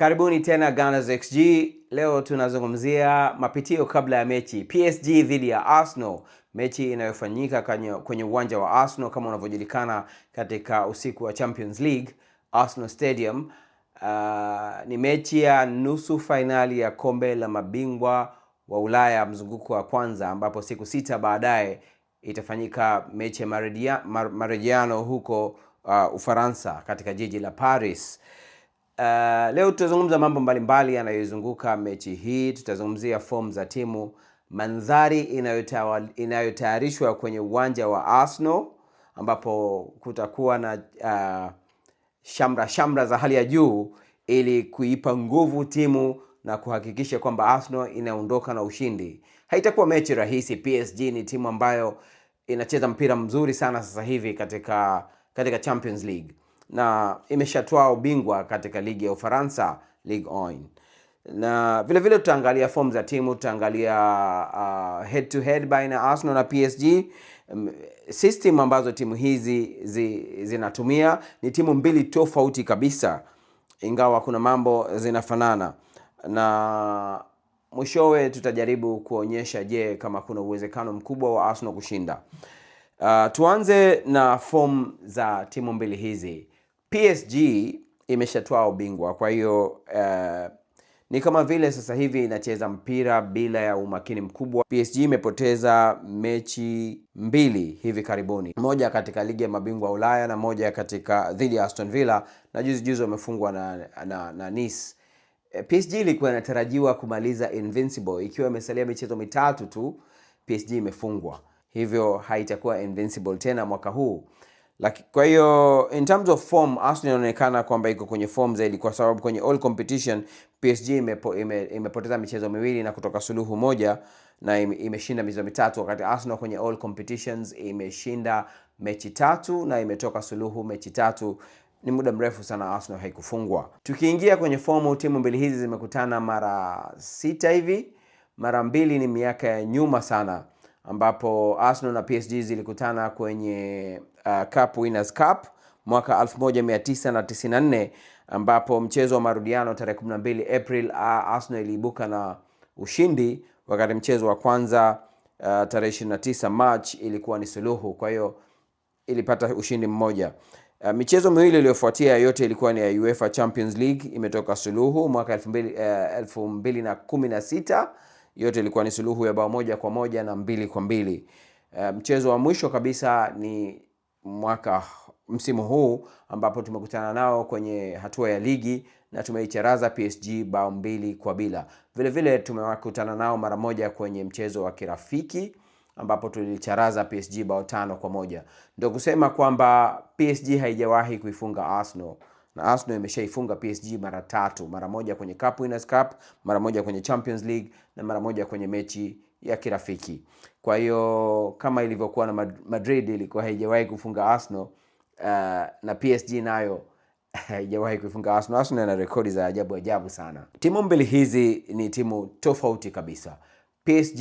Karibuni tena Gunners XG. Leo tunazungumzia mapitio kabla ya mechi PSG dhidi ya Arsenal, mechi inayofanyika kwenye uwanja wa Arsenal kama unavyojulikana katika usiku wa Champions League, Arsenal Stadium. Uh, ni mechi ya nusu fainali ya kombe la mabingwa wa Ulaya mzunguko wa kwanza, ambapo siku sita baadaye itafanyika mechi ya marejiano huko uh, Ufaransa katika jiji la Paris. Uh, leo tutazungumza mambo mbalimbali yanayoizunguka mechi hii. Tutazungumzia fomu za timu, mandhari inayotayarishwa kwenye uwanja wa Arsenal ambapo kutakuwa na uh, shamra shamra za hali ya juu ili kuipa nguvu timu na kuhakikisha kwamba Arsenal inaondoka na ushindi. Haitakuwa mechi rahisi. PSG ni timu ambayo inacheza mpira mzuri sana sasa hivi katika, katika Champions League na imeshatwaa ubingwa katika ligi ya Ufaransa Ligue 1 na vile vile tutaangalia form za timu, tutaangalia uh, head to head baina ya Arsenal na PSG. Um, mm, system ambazo timu hizi zi, zinatumia ni timu mbili tofauti kabisa, ingawa kuna mambo zinafanana, na mwishowe tutajaribu kuonyesha, je, kama kuna uwezekano mkubwa wa Arsenal kushinda. Uh, tuanze na form za timu mbili hizi. PSG imeshatwaa ubingwa, kwa hiyo uh, ni kama vile sasa hivi inacheza mpira bila ya umakini mkubwa. PSG imepoteza mechi mbili hivi karibuni, moja katika ligi ya mabingwa Ulaya na moja katika dhidi ya Aston Villa na juzi juzi wamefungwa na, na, na Nice. Eh, PSG ilikuwa inatarajiwa kumaliza invincible ikiwa imesalia michezo mitatu tu, PSG imefungwa, hivyo haitakuwa invincible tena mwaka huu. Laki, kwa hiyo in terms of form Arsenal inaonekana kwamba iko kwenye form zaidi, kwa sababu kwenye all competition PSG imepo, ime, imepoteza michezo miwili na kutoka suluhu moja na ime, imeshinda michezo mitatu, wakati Arsenal kwenye all competitions imeshinda mechi tatu na imetoka suluhu mechi tatu. Ni muda mrefu sana Arsenal haikufungwa. Tukiingia kwenye form, timu mbili hizi zimekutana mara sita hivi. Mara mbili ni miaka ya nyuma sana, ambapo Arsenal na PSG zilikutana kwenye Uh, Cup Winners Cup mwaka 1994 ambapo mchezo wa marudiano tarehe 12 April, uh, Arsenal iliibuka na ushindi, wakati mchezo wa kwanza uh, tarehe 29 March ilikuwa ni suluhu, kwa hiyo ilipata ushindi mmoja. Uh, michezo miwili iliyofuatia yote ilikuwa ni ya UEFA Champions League, imetoka suluhu mwaka 2016 uh, yote ilikuwa ni suluhu ya bao moja kwa moja na mbili kwa mbili. Uh, mchezo wa mwisho kabisa ni mwaka msimu huu ambapo tumekutana nao kwenye hatua ya ligi na tumeicharaza PSG bao mbili kwa bila. Vile vile tumewakutana nao mara moja kwenye mchezo wa kirafiki ambapo tulicharaza PSG bao tano kwa moja. Ndio kusema kwamba PSG haijawahi kuifunga Arsenal na Arsenal imeshaifunga PSG mara tatu, mara moja kwenye Cup Winners Cup, mara moja kwenye Champions League na mara moja kwenye mechi ya kirafiki. Kwa hiyo kama ilivyokuwa na Madrid ilikuwa haijawahi kufunga Arsenal uh, na PSG nayo haijawahi kuifunga Arsenal. Arsenal ina rekodi za ajabu ajabu sana. Timu mbili hizi ni timu tofauti kabisa. PSG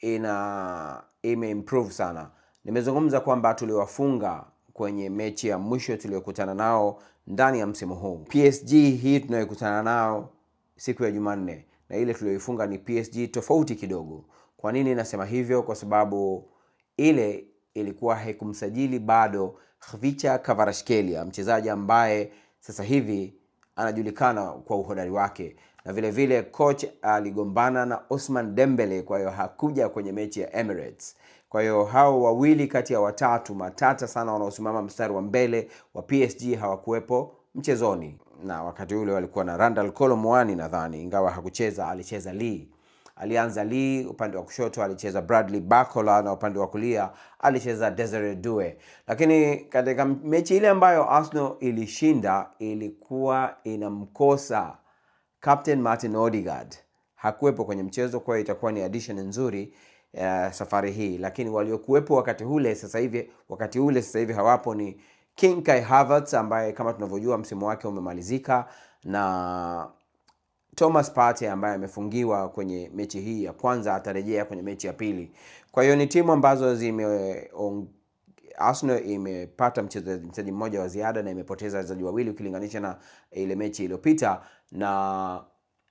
ina imeimprove sana. Nimezungumza kwamba tuliwafunga kwenye mechi ya mwisho tuliyokutana nao ndani ya msimu huu. PSG hii tunayokutana nao siku ya Jumanne na ile tuliyoifunga ni PSG tofauti kidogo. Kwa nini nasema hivyo? Kwa sababu ile ilikuwa haikumsajili bado Khvicha Kvaratskhelia, mchezaji ambaye sasa hivi anajulikana kwa uhodari wake, na vile vile coach aligombana na Osman Dembele, kwa hiyo hakuja kwenye mechi ya Emirates. Kwa hiyo hao wawili kati ya watatu matata sana wanaosimama mstari wa mbele wa PSG hawakuwepo mchezoni, na wakati ule walikuwa na Randal Kolo Muani nadhani, ingawa hakucheza alicheza Lee alianza Lee, upande wa kushoto alicheza Bradley Bacola na upande wa kulia alicheza Desire Due. Lakini katika mechi ile ambayo Arsenal ilishinda ilikuwa inamkosa Captain Martin Odegaard, hakuwepo kwenye mchezo, kwa hiyo itakuwa ni addition nzuri uh, safari hii, lakini waliokuwepo wakati ule sasa hivi wakati ule sasa hivi hawapo ni King Kai Havertz ambaye kama tunavyojua msimu wake umemalizika na Thomas Partey ambaye amefungiwa kwenye mechi hii ya kwanza atarejea kwenye mechi ya pili. Kwa hiyo ni timu ambazo zime Arsenal imepata mchezaji mmoja wa ziada na imepoteza wachezaji wawili ukilinganisha na ile mechi iliyopita, na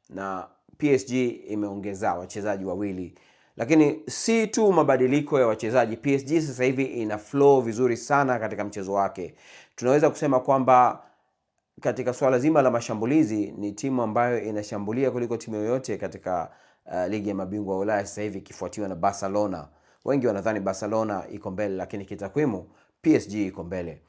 na PSG imeongeza wachezaji wawili, lakini si tu mabadiliko ya wachezaji. PSG sasa hivi ina flow vizuri sana katika mchezo wake, tunaweza kusema kwamba katika swala zima la mashambulizi ni timu ambayo inashambulia kuliko timu yoyote katika uh, ligi ya mabingwa wa Ulaya sasa hivi ikifuatiwa na Barcelona. Wengi wanadhani Barcelona iko mbele, lakini kitakwimu PSG iko mbele.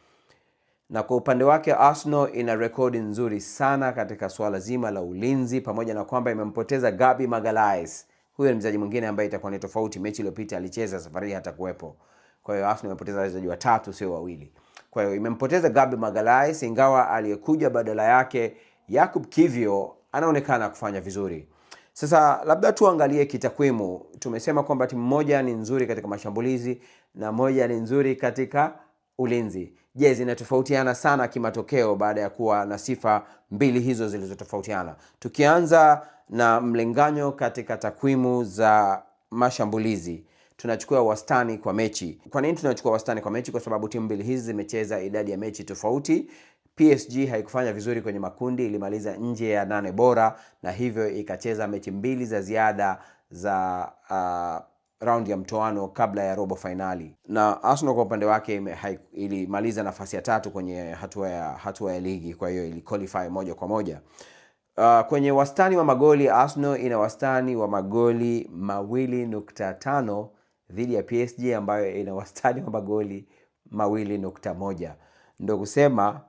Na kwa upande wake Arsenal ina rekodi nzuri sana katika swala zima la ulinzi, pamoja na kwamba imempoteza Gabi Magalhaes. Huyo ni mchezaji mwingine ambaye itakuwa ni tofauti. Mechi iliyopita alicheza, safari hii hatakuwepo. Kwa hiyo Arsenal imepoteza wachezaji watatu, sio wawili. Kwa hiyo imempoteza Gabi Magalhaes, ingawa aliyekuja badala yake Yakub Kivyo anaonekana kufanya vizuri. Sasa labda tuangalie kitakwimu. Tumesema kwamba timu moja ni nzuri katika mashambulizi na moja ni nzuri katika ulinzi. Je, zinatofautiana sana kimatokeo baada ya kuwa na sifa mbili hizo zilizotofautiana? Tukianza na mlinganyo katika takwimu za mashambulizi tunachukua wastani kwa mechi. Kwa nini tunachukua wastani kwa mechi? Kwa sababu timu mbili hizi zimecheza idadi ya mechi tofauti. PSG haikufanya vizuri kwenye makundi, ilimaliza nje ya nane bora na hivyo ikacheza mechi mbili za ziada za uh, round ya mtoano kabla ya robo fainali, na Arsenal kwa upande wake ilimaliza nafasi ya tatu kwenye hatua ya hatua ya ligi, kwa hiyo iliqualify moja kwa moja. Uh, kwenye wastani wa magoli Arsenal ina wastani wa magoli mawili nukta tano dhidi ya PSG ambayo ina wastani wa magoli mawili nukta moja. Ndo kusema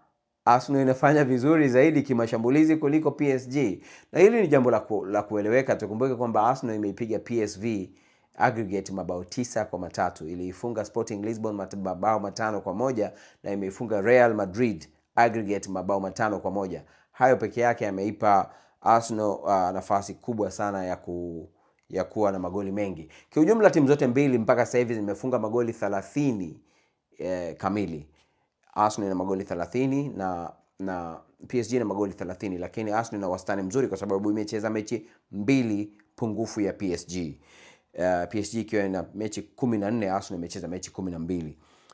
Arsenal inafanya vizuri zaidi kimashambulizi kuliko PSG, na hili ni jambo la, ku, la kueleweka. Tukumbuke kwamba Arsenal imeipiga PSV aggregate mabao tisa kwa matatu, iliifunga Sporting Lisbon mabao matano kwa moja na imeifunga Real Madrid aggregate mabao matano kwa moja. Hayo peke yake yameipa Arsenal uh, nafasi kubwa sana ya ku ya kuwa na magoli mengi. Kiujumla timu zote mbili mpaka sasa hivi zimefunga magoli 30 eh, kamili. Arsenal ina magoli 30 na na PSG na magoli 30, lakini Arsenal ina wastani mzuri kwa sababu imecheza mechi mbili pungufu ya PSG. Uh, eh, PSG ikiwa ina mechi 14, Arsenal imecheza mechi 12.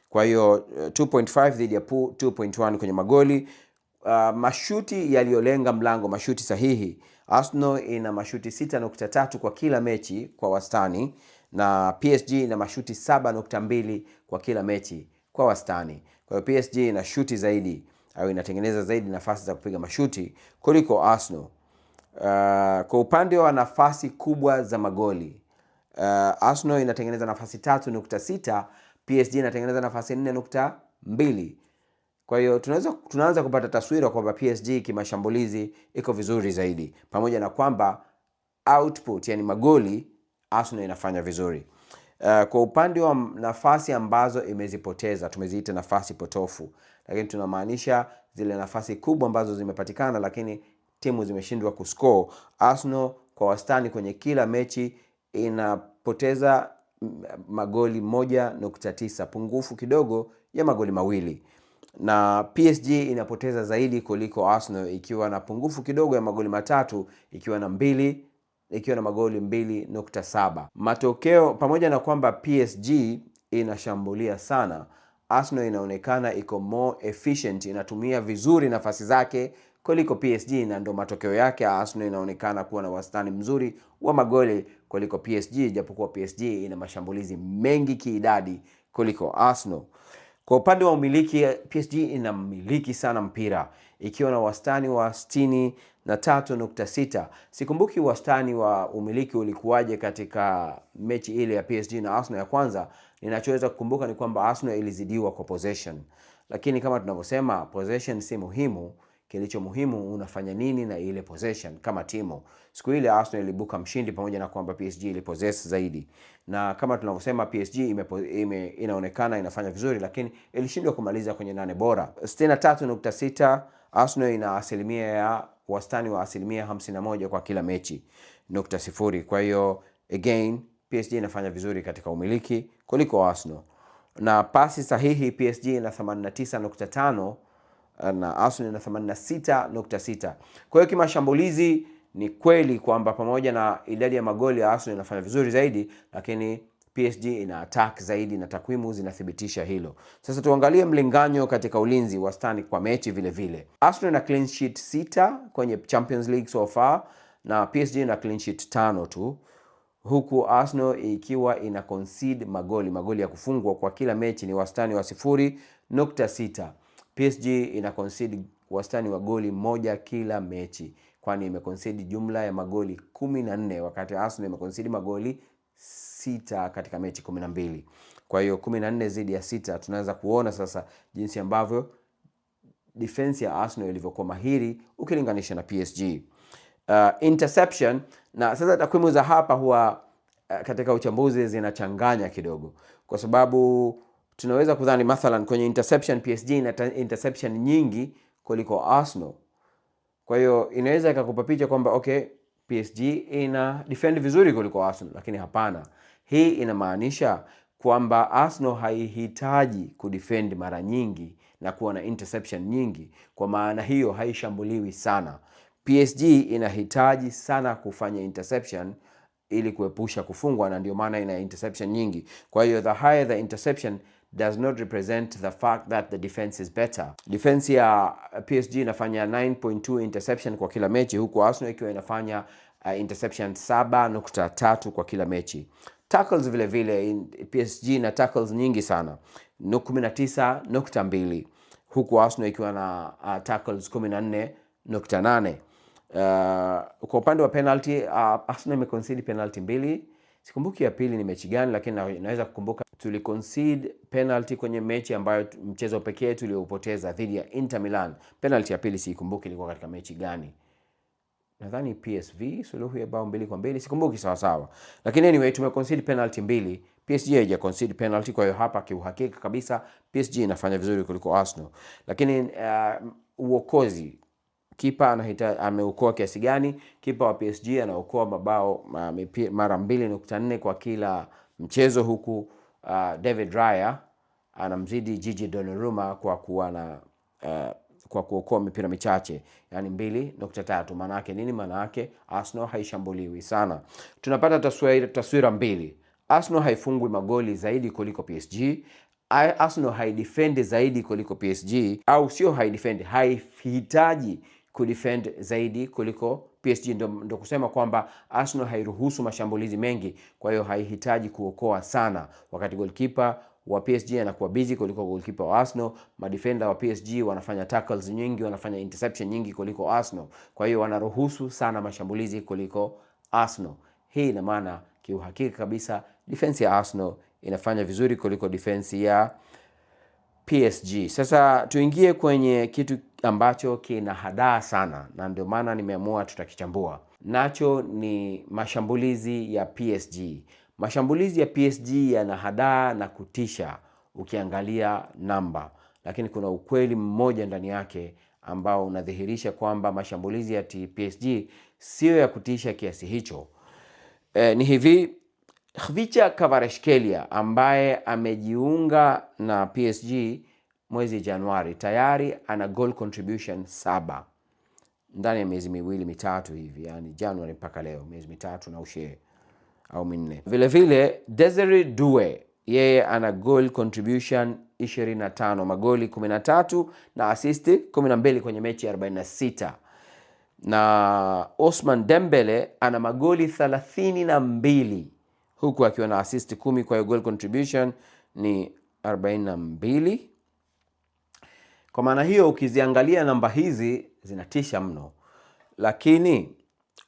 Kwa hiyo uh, eh, 2.5 dhidi ya 2.1 kwenye magoli. Uh, mashuti yaliyolenga mlango, mashuti sahihi Arsenal ina mashuti 6.3 kwa kila mechi kwa wastani na PSG ina mashuti 7.2 kwa kila mechi kwa wastani. Kwa hiyo PSG ina shuti zaidi au inatengeneza zaidi nafasi za kupiga mashuti kuliko Arsenal. Uh, kwa upande wa nafasi kubwa za magoli uh, Arsenal inatengeneza nafasi 3.6, PSG inatengeneza nafasi 4.2. Kwa hiyo tunaweza tunaanza kupata taswira kwamba PSG kimashambulizi iko vizuri zaidi, pamoja na kwamba output, yani magoli, Arsenal inafanya vizuri. Uh, kwa upande wa nafasi ambazo imezipoteza tumeziita nafasi potofu, lakini tunamaanisha zile nafasi kubwa ambazo zimepatikana lakini timu zimeshindwa kuscore. Arsenal kwa wastani kwenye kila mechi inapoteza mm, magoli moja nukta tisa, pungufu kidogo ya magoli mawili na PSG inapoteza zaidi kuliko Arsenal ikiwa na pungufu kidogo ya magoli matatu ikiwa na mbili ikiwa na magoli mbili nukta saba. Matokeo pamoja na kwamba PSG inashambulia sana, Arsenal inaonekana iko more efficient, inatumia vizuri nafasi zake kuliko PSG na ndo matokeo yake, Arsenal inaonekana kuwa na wastani mzuri wa magoli kuliko PSG, japokuwa PSG ina mashambulizi mengi kiidadi kuliko Arsenal. Kwa upande wa umiliki, PSG inamiliki sana mpira ikiwa na wastani wa 63.6. Sikumbuki wastani wa umiliki ulikuwaje katika mechi ile ya PSG na Arsenal ya kwanza. Ninachoweza kukumbuka ni kwamba Arsenal ilizidiwa kwa possession, lakini kama tunavyosema possession si muhimu kilicho muhimu unafanya nini na ile possession kama timu. Siku ile Arsenal ilibuka mshindi, pamoja na kwamba PSG ilipossess zaidi, na kama tunavyosema PSG ime, ime, inaonekana inafanya vizuri, lakini ilishindwa kumaliza kwenye nane bora 63.6. Arsenal ina asilimia ya wastani wa asilimia 51 kwa kila mechi nukta sifuri. Kwa hiyo again PSG inafanya vizuri katika umiliki kuliko Arsenal, na pasi sahihi PSG ina 89.5 Eh, na Arsenal ina thamani na Kwa hiyo kimashambulizi ni kweli kwamba pamoja na idadi ya magoli ya Arsenal inafanya vizuri zaidi, lakini PSG ina attack zaidi na takwimu zinathibitisha hilo. Sasa tuangalie mlinganyo katika ulinzi wastani kwa mechi vile vile. Arsenal ina clean sheet sita kwenye Champions League so far na PSG ina clean sheet tano tu huku Arsenal ikiwa ina concede magoli magoli ya kufungwa kwa kila mechi ni wastani wa sifuri nukta sita. PSG ina concede wastani wa goli moja kila mechi, kwani imeconcede jumla ya magoli 14 wakati Arsenal imeconcede magoli sita katika mechi 12. Kwa hiyo 14 zidi ya sita, tunaweza kuona sasa jinsi ambavyo defense ya Arsenal ilivyokuwa mahiri ukilinganisha na PSG. Uh, interception na sasa takwimu za hapa huwa uh, katika uchambuzi zinachanganya kidogo kwa sababu tunaweza kudhani mathalan kwenye interception, PSG ina interception nyingi kuliko Arsenal. Kwa hiyo inaweza ikakupa picha kwamba okay, PSG ina defend vizuri kuliko Arsenal, lakini hapana. Hii inamaanisha kwamba Arsenal haihitaji kudefend mara nyingi na kuwa na interception nyingi, kwa maana hiyo haishambuliwi sana. PSG inahitaji sana kufanya interception ili kuepusha kufungwa, na ndio maana ina interception nyingi. Kwa hiyo the higher the interception does not represent the fact that the defense is better. Defense ya uh, PSG inafanya 9.2 interception kwa kila mechi huku Arsenal ikiwa inafanya uh, interception 7.3 kwa kila mechi. Tackles vile vile PSG na tackles nyingi sana 19.2 huku Arsenal ikiwa na uh, tackles 14.8. Uh, kwa upande wa penalty uh, Arsenal imeconcede penalty mbili. Sikumbuki ya pili ni mechi gani, lakini naweza kukumbuka tuliconcede penalty kwenye mechi ambayo mchezo pekee tuliopoteza dhidi ya Inter Milan. Penalty ya pili sikumbuki ilikuwa katika mechi gani, nadhani PSV, suluhu ya bao mbili kwa mbili, sikumbuki sawa sawa, lakini anyway tumeconcede penalty mbili. PSG haija concede penalty, kwa hiyo hapa kiuhakika kabisa PSG inafanya vizuri kuliko Arsenal, lakini uh, uokozi kipa anahita, ameokoa kiasi gani. Kipa wa PSG anaokoa mabao mara mbili nukta nne kwa kila mchezo, huku uh, David Raya anamzidi Gigi Donnarumma kwa kuwa na uh, kwa kuokoa mipira michache yani mbili nukta tatu. Maana yake nini? Maana yake Arsenal haishambuliwi sana. Tunapata taswira, taswira mbili. Arsenal haifungwi magoli zaidi kuliko PSG. Arsenal haidefendi zaidi kuliko PSG, au sio? Haidefendi, haihitaji kudefend zaidi kuliko PSG. Ndo, ndo kusema kwamba Arsenal hairuhusu mashambulizi mengi, kwa hiyo haihitaji kuokoa sana, wakati goalkeeper wa PSG anakuwa busy kuliko goalkeeper wa Arsenal. Madefenda wa PSG wanafanya tackles nyingi, wanafanya interception nyingi kuliko Arsenal, kwa hiyo wanaruhusu sana mashambulizi kuliko Arsenal. Hii ina maana kiuhakika kabisa defense ya Arsenal inafanya vizuri kuliko defense ya PSG. Sasa tuingie kwenye kitu ambacho kina hadaa sana na ndio maana nimeamua tutakichambua. Nacho ni mashambulizi ya PSG. Mashambulizi ya PSG yana hadaa na kutisha ukiangalia namba, lakini kuna ukweli mmoja ndani yake ambao unadhihirisha kwamba mashambulizi ya PSG siyo ya kutisha kiasi hicho. E, ni hivi Khvicha kavareshkelia ambaye amejiunga na PSG mwezi Januari tayari ana goal contribution saba ndani ya miezi miwili mitatu hivi, yani Januari mpaka leo miezi mitatu na ushe au minne. Vilevile Desire Due yeye ana goal contribution 25 magoli 13 na assist 12 kwenye mechi 46 na Osman Dembele ana magoli 32 na mbili huku akiwa na assist kumi, kwa hiyo goal contribution ni 42. Kwa maana hiyo ukiziangalia namba hizi zinatisha mno, lakini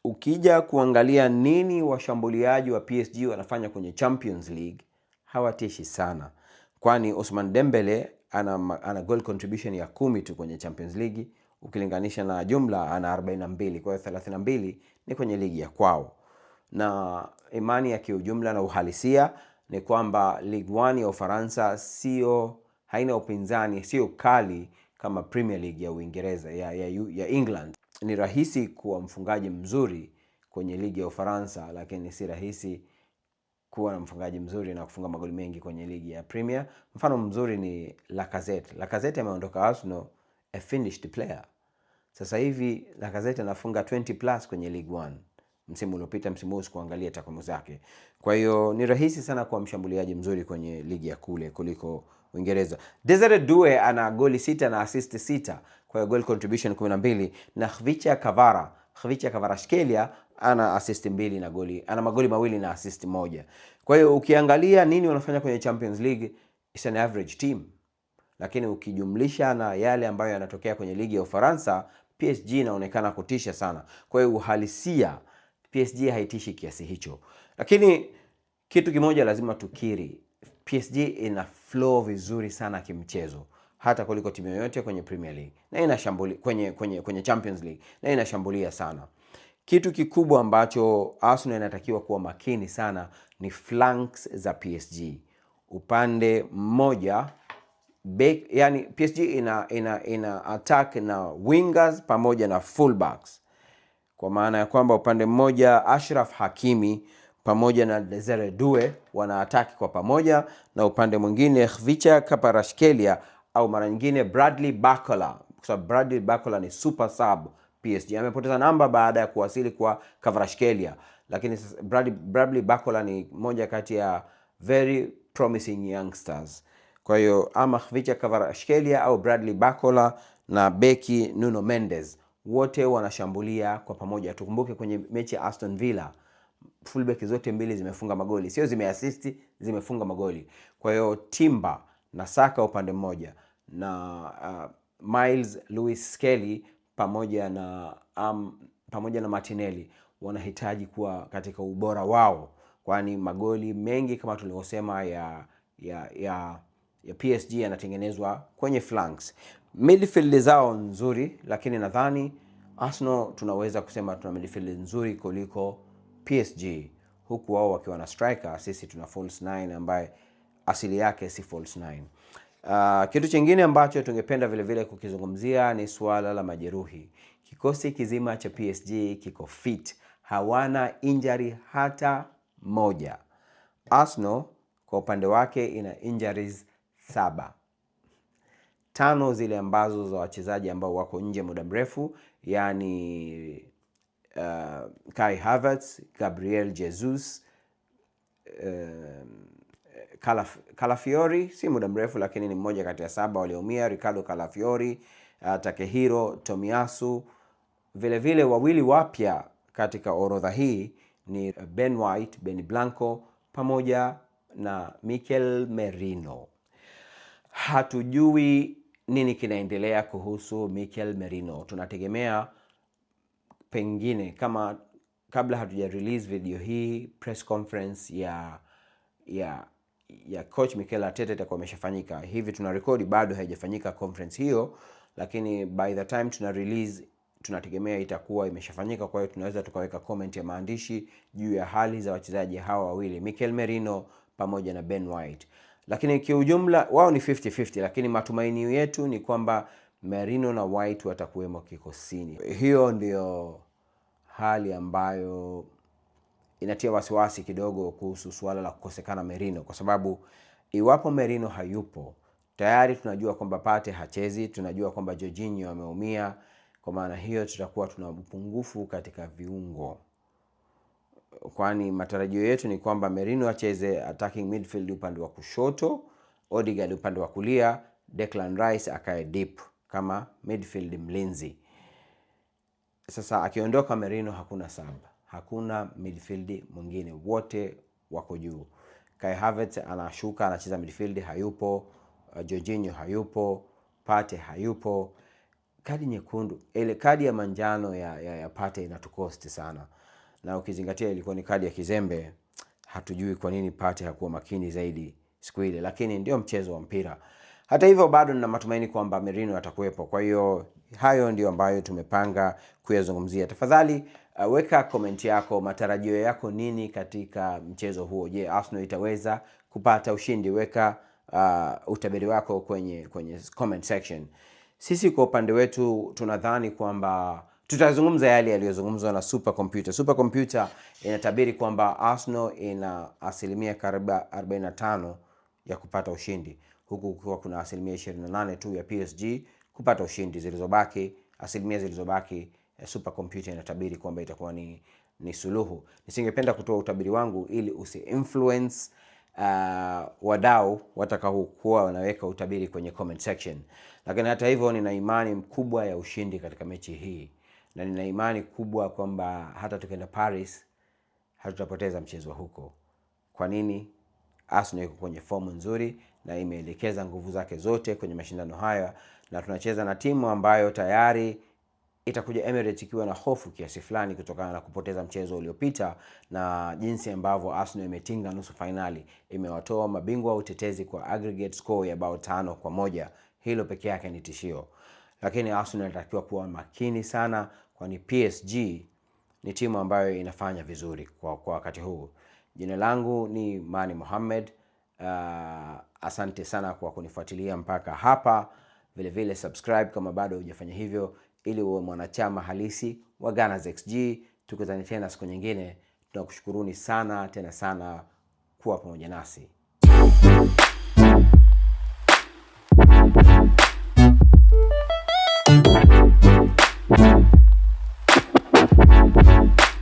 ukija kuangalia nini washambuliaji wa PSG wanafanya kwenye Champions League hawatishi sana, kwani osman Dembele ana, ana goal contribution ya kumi tu kwenye Champions League ukilinganisha na jumla ana 42, kwa hiyo 32 ni kwenye ligi ya kwao na imani ya kiujumla na uhalisia ni kwamba Ligue 1 ya Ufaransa sio haina upinzani, sio kali kama Premier League ya Uingereza ya, ya, ya England. Ni rahisi kuwa mfungaji mzuri kwenye ligi ya Ufaransa, lakini si rahisi kuwa na mfungaji mzuri na kufunga magoli mengi kwenye ligi ya Premier. Mfano mzuri ni Lacazette. Lacazette ameondoka Arsenal, a finished player. Sasa hivi Lacazette anafunga 20 plus kwenye Ligue 1 msimu uliopita, msimu huu sikuangalia takwimu zake. Kwa hiyo ni rahisi sana kuwa mshambuliaji mzuri kwenye ligi ya kule kuliko Uingereza. Desire Due ana goli sita na assist sita, kwa hiyo goal contribution 12 na Khvicha Kavara Khvicha Kavara Shkelia ana assist mbili na goli, ana magoli mawili na assist moja. Kwa hiyo ukiangalia nini wanafanya kwenye Champions League, is an average team, lakini ukijumlisha na yale ambayo yanatokea kwenye ligi ya Ufaransa, PSG inaonekana kutisha sana. Kwa hiyo uhalisia PSG haitishi kiasi hicho, lakini kitu kimoja lazima tukiri, PSG ina flow vizuri sana kimchezo hata kuliko timu yoyote kwenye Premier League na inashambulia kwenye, kwenye, kwenye Champions League na inashambulia sana. Kitu kikubwa ambacho Arsenal inatakiwa kuwa makini sana ni flanks za PSG upande mmoja back, yani PSG ina, ina, ina attack na wingers pamoja na fullbacks kwa maana ya kwamba upande mmoja Ashraf Hakimi pamoja na Desire Due wanaataki kwa pamoja, na upande mwingine Khvicha Kaparashkelia au mara nyingine Bradley Barcola, kwa sababu Bradley ni super sub PSG. Amepoteza namba baada ya kuwasili kwa Kavarashkelia, lakini Bradley, Bradley ni moja kati ya very promising youngsters. Kwa hiyo ama Khvicha Kavarashkelia au Bradley bakola na beki Nuno Mendes wote wanashambulia kwa pamoja. Tukumbuke kwenye mechi ya Aston Villa fullback zote mbili zimefunga magoli, sio zimeasisti, zimefunga magoli. Kwa hiyo Timba na Saka upande mmoja na uh, Miles Lewis Skelly pamoja na um, pamoja na Martinelli wanahitaji kuwa katika ubora wao, kwani magoli mengi kama tulivyosema ya, ya, ya, ya PSG yanatengenezwa kwenye flanks midfield zao nzuri, lakini nadhani Arsenal tunaweza kusema tuna midfield nzuri kuliko PSG, huku wao wakiwa na striker, sisi tuna false nine ambaye asili yake si false nine. Uh, kitu chingine ambacho tungependa vilevile kukizungumzia ni suala la majeruhi. Kikosi kizima cha PSG kiko fit, hawana injury hata moja. Arsenal kwa upande wake ina injuries saba tano zile ambazo za wachezaji ambao wako nje muda mrefu, yaani uh, Kai Havertz, Gabriel Jesus, uh, si muda mrefu lakini ni mmoja kati ya saba walioumia, Ricardo Calafiori, uh, eh, Takehiro Tomiyasu. Vile vile wawili wapya katika orodha hii ni Ben White, Ben Blanco pamoja na Mikel Merino. Hatujui nini kinaendelea kuhusu Mikel Merino. Tunategemea pengine kama kabla hatuja release video hii, press conference ya ya ya coach Mikel Arteta itakuwa imeshafanyika. Hivi tuna rekodi bado haijafanyika conference hiyo, lakini by the time tuna release tunategemea itakuwa imeshafanyika. Kwa hiyo tunaweza tukaweka comment ya maandishi juu ya hali za wachezaji hawa wawili Mikel Merino pamoja na Ben White lakini kiujumla wao ni 50-50, lakini matumaini yetu ni kwamba Merino na White watakuwemo kikosini. Hiyo ndiyo hali ambayo inatia wasiwasi kidogo kuhusu suala la kukosekana Merino, kwa sababu iwapo Merino hayupo tayari tunajua kwamba Pate hachezi, tunajua kwamba Jorginho ameumia. Kwa maana hiyo tutakuwa tuna upungufu katika viungo kwani matarajio yetu ni kwamba Merino acheze attacking midfield upande wa kushoto, Odegaard upande wa kulia, Declan Rice akae deep kama midfield mlinzi. Sasa akiondoka Merino, hakuna saba, hakuna midfield mwingine, wote wako juu. Kai Havertz anashuka anacheza midfield, hayupo. Uh, Jorginho hayupo, Pate hayupo. Kadi nyekundu ile kadi ya manjano ya, ya, ya Pate inatukosti sana na ukizingatia ilikuwa ni kadi ya kizembe, hatujui kwa nini Pate hakuwa makini zaidi siku ile, lakini ndio mchezo wa mpira. Hata hivyo bado nina matumaini kwamba Merino atakuwepo. Kwa hiyo hayo ndio ambayo tumepanga kuyazungumzia. Tafadhali uh, weka komenti yako, matarajio yako nini katika mchezo huo? Je, Arsenal itaweza kupata ushindi? Weka uh, utabiri wako kwenye, kwenye comment section. Sisi kwa upande wetu tunadhani kwamba tutazungumza yale yaliyozungumzwa na supercomputer. Supercomputer inatabiri kwamba Arsenal ina asilimia karibu 45 ya kupata ushindi huku kukiwa kuna asilimia 28 tu ya PSG kupata ushindi. Zilizobaki asilimia zilizobaki, supercomputer inatabiri kwamba itakuwa ni, ni suluhu. Nisingependa kutoa utabiri wangu ili usi influence Uh, wadau watakaokuwa wanaweka utabiri kwenye comment section, lakini hata hivyo, nina imani mkubwa ya ushindi katika mechi hii na nina imani kubwa kwamba hata tukienda Paris hatutapoteza mchezo huko. Kwa nini? Arsenal iko kwenye fomu nzuri na imeelekeza nguvu zake zote kwenye mashindano haya, na tunacheza na timu ambayo tayari itakuja Emirates ikiwa na hofu kiasi fulani kutokana na kupoteza mchezo uliopita na jinsi ambavyo Arsenal imetinga nusu fainali, imewatoa mabingwa utetezi kwa aggregate score ya bao tano kwa moja. Hilo pekee yake ni tishio, lakini Arsenal inatakiwa kuwa makini sana kwani PSG ni timu ambayo inafanya vizuri kwa, kwa wakati huu. Jina langu ni Mani Mohamed. Uh, ah, asante sana kwa kunifuatilia mpaka hapa. Vile vile subscribe kama bado hujafanya hivyo, ili uwe mwanachama halisi wa Ganaz XG. Tukutane tena siku nyingine, tunakushukuruni sana tena sana kuwa pamoja nasi.